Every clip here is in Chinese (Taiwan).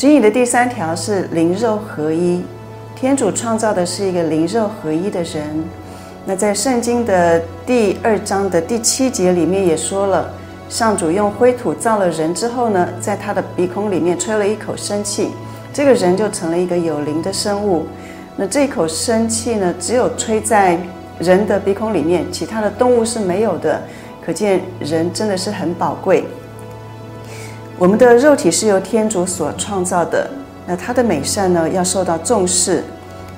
指引的第三條是靈肉合一，天主創造的是一個靈肉合一的人。那在聖經的第二章的第七節裡面也說了，上主用灰土造了人之後呢，在他的鼻孔裡面吹了一口生氣，這個人就成了一個有靈的生物。那這口生氣呢，只有吹在人的鼻孔裡面，其他的動物是沒有的。可見人真的是很寶貴。我們的肉體是由天主所創造的，那它的美善呢要受到重視。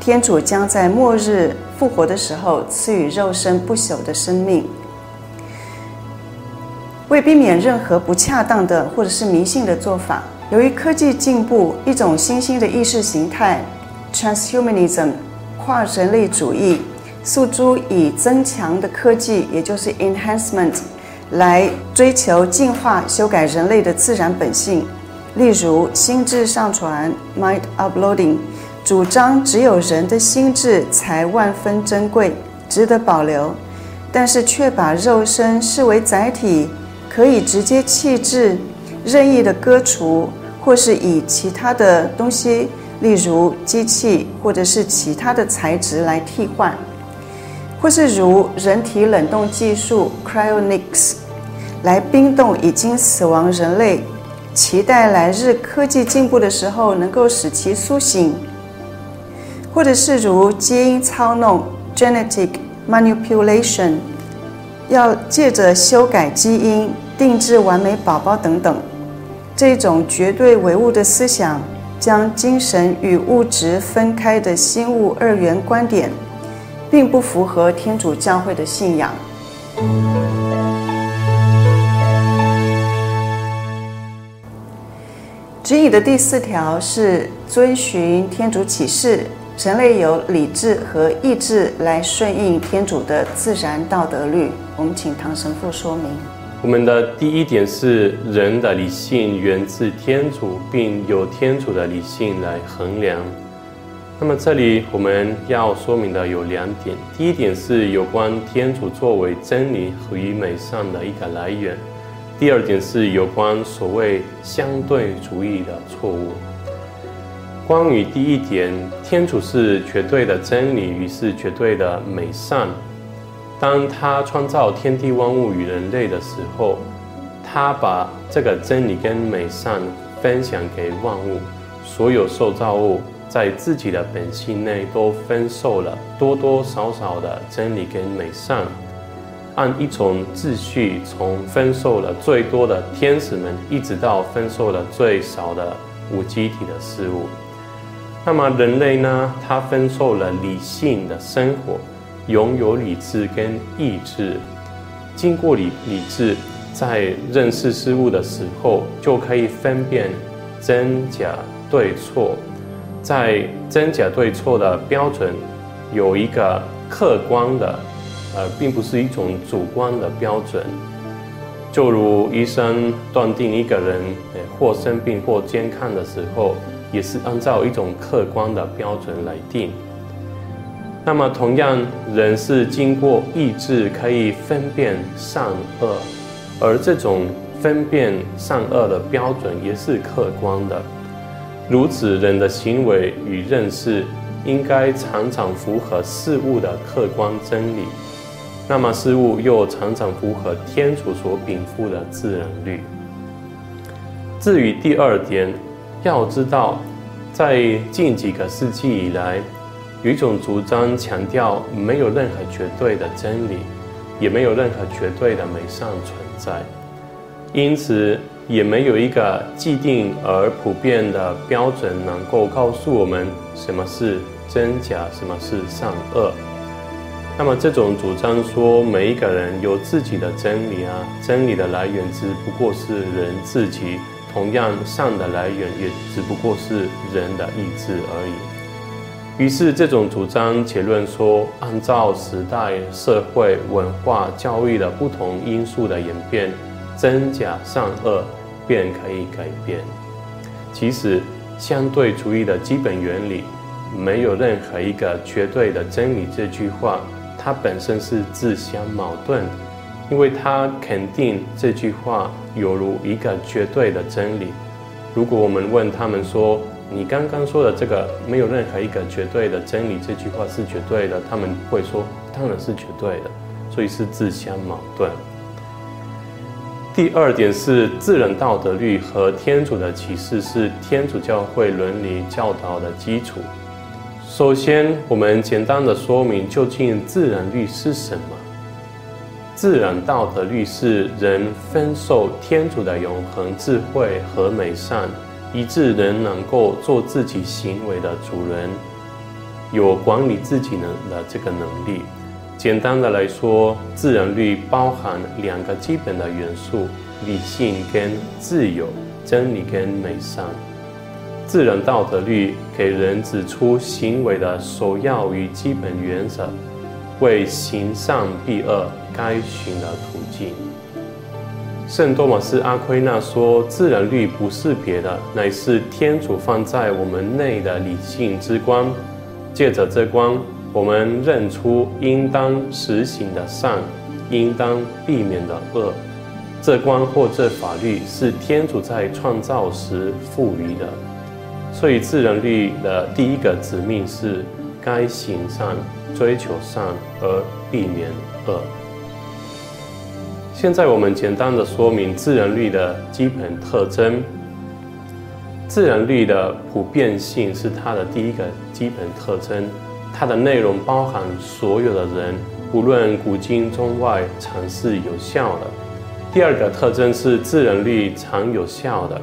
天主將在末日復活的時候賜予肉身不朽的生命。為避免任何不恰當的或者是迷信的做法，由於科技進步，一種新興的意識形態 ——Transhumanism（ 跨人類主義）訴諸以增強的科技，也就是 enhancement。來追求進化、修改人類的自然本性，例如心智上傳 （mind uploading），主張只有人的心智才萬分珍貴，值得保留，但是卻把肉身視為載體，可以直接棄置、任意的割除，或是以其他的東西，例如機器或者是其他的材質來替換，或是如人體冷凍技術 （cryonics）。來冰凍已經死亡人類，期待來日科技進步的時候能夠使其甦醒，或者是如基因操弄 （genetic manipulation），要借着修改基因、定製完美寶寶等等，這種絕對唯物的思想，將精神與物質分開的心物二元觀點，並不符合天主教會的信仰。指引的第四條是遵循天主啟示，人類有理智和意志來順應天主的自然道德律。我們請唐神父說明。我們的第一點是人的理性源自天主，並由天主的理性來衡量。那麼這裡我們要說明的有兩點。第一點是有關天主作為真理和美善的一個來源。第二點是有關所謂相對主義的錯誤。關於第一點，天主是絕對的真理，也是絕對的美善。當他創造天地萬物與人類的時候，他把這個真理跟美善分享給萬物，所有受造物在自己的本性內都分受了多多少少的真理跟美善。按一種秩序，從分受了最多的天使們，一直到分受了最少的無機體的事物。那麼人類呢？他分受了理性的生活，擁有理智跟意志。經過理理智，在認識事物的時候，就可以分辨真假對錯。在真假對錯的標準，有一個客觀的。而並不是一種主觀的標準，就如醫生斷定一個人，誒，或生病或健康的時候，也是按照一種客觀的標準來定。那麼，同樣，人是經過意志可以分辨善惡，而這種分辨善惡的標準也是客觀的。如此，人的行為與認識，應該常常符合事物的客觀真理。那麼，事物又常常符合天主所稟賦的自然律。至於第二點，要知道，在近幾個世紀以來，有一種主張強調沒有任何絕對的真理，也沒有任何絕對的美善存在，因此也沒有一個既定而普遍的標準能夠告訴我們什麼是真假，什麼是善惡。那麼這種主張說，每一個人有自己的真理啊，真理的來源只不過是人自己；同樣，善的來源也只不過是人的意志而已。於是，這種主張結論說，按照時代、社會、文化、教育的不同因素的演變，真假善惡便可以改變。其實，相對主義的基本原理，沒有任何一個絕對的真理這句話，他本身是自相矛盾，因為他肯定這句話猶如一個絕對的真理。如果我們問他們說：“你剛剛說的這個沒有任何一個絕對的真理，這句話是絕對的。”他們會說：“當然是絕對的。”所以是自相矛盾。第二點是自然道德律和天主的啟示是天主教會倫理教導的基礎。首先，我們簡單的說明究竟自然律是什麼。自然道德律是人分受天主的永恆智慧和美善，以致人能夠做自己行為的主人，有管理自己的這個能力。簡單的來說，自然律包含兩個基本的元素：理性跟自由，真理跟美善。自然道德律給人指出行為的首要與基本原則，為行善避惡該尋的途徑。聖多瑪斯阿奎那說，自然律不是別的，乃是天主放在我們內的理性之光。借着這光，我們認出應當實行的善，應當避免的惡。這光或這法律是天主在創造時賦予的。所以，自然律的第一個使命是該行善，追求善而避免惡。現在，我們簡單的說明自然律的基本特徵。自然律的普遍性是它的第一個基本特徵，它的內容包含所有的人，無論古今中外，常是有效的。第二個特徵是自然律常有效的。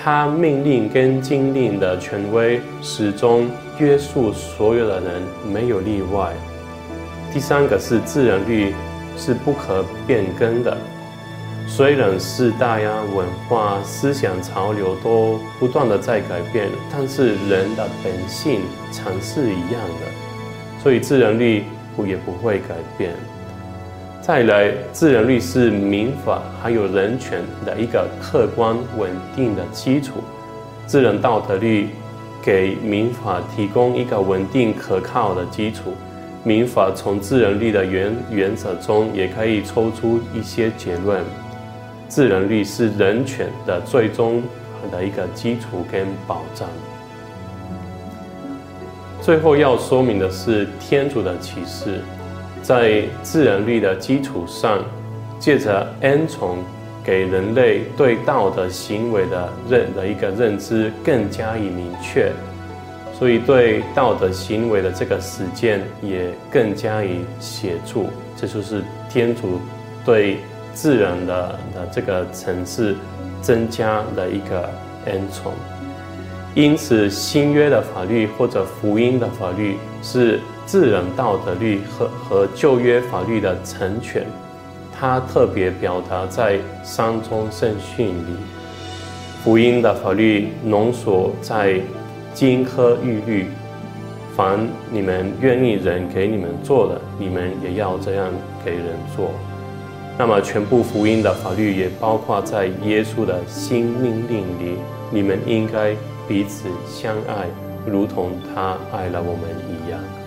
他命令跟禁令的權威始終約束所有的人，沒有例外。第三個是自然律是不可變更的，雖然時代呀、啊、文化、思想潮流都不斷的在改變，但是人的本性常是一樣的，所以自然律不也不會改變。帶來自然律是民法還有人權的一個客觀穩定的基礎，自然道德律給民法提供一個穩定可靠的基礎，民法從自然律的原原則中也可以抽出一些結論，自然律是人權的最終的一個基礎跟保障。最後要說明的是天主的啟示。在自然律的基礎上，借着恩寵，給人類對道德行為的認的一個認知更加以明確，所以對道德行為的這個實踐也更加以協助。這就是天主對自然的的這個層次增加的一個恩寵。因此，新約的法律或者福音的法律是。自然道德律和和舊約法律的成全，它特別表達在《山中聖訓》裡。福音的法律濃縮在《金科玉律》，凡你們願意人給你們做的，你們也要這樣給人做。那麼，全部福音的法律也包括在耶穌的新命令裡：你們應該彼此相愛，如同他愛了我們一樣。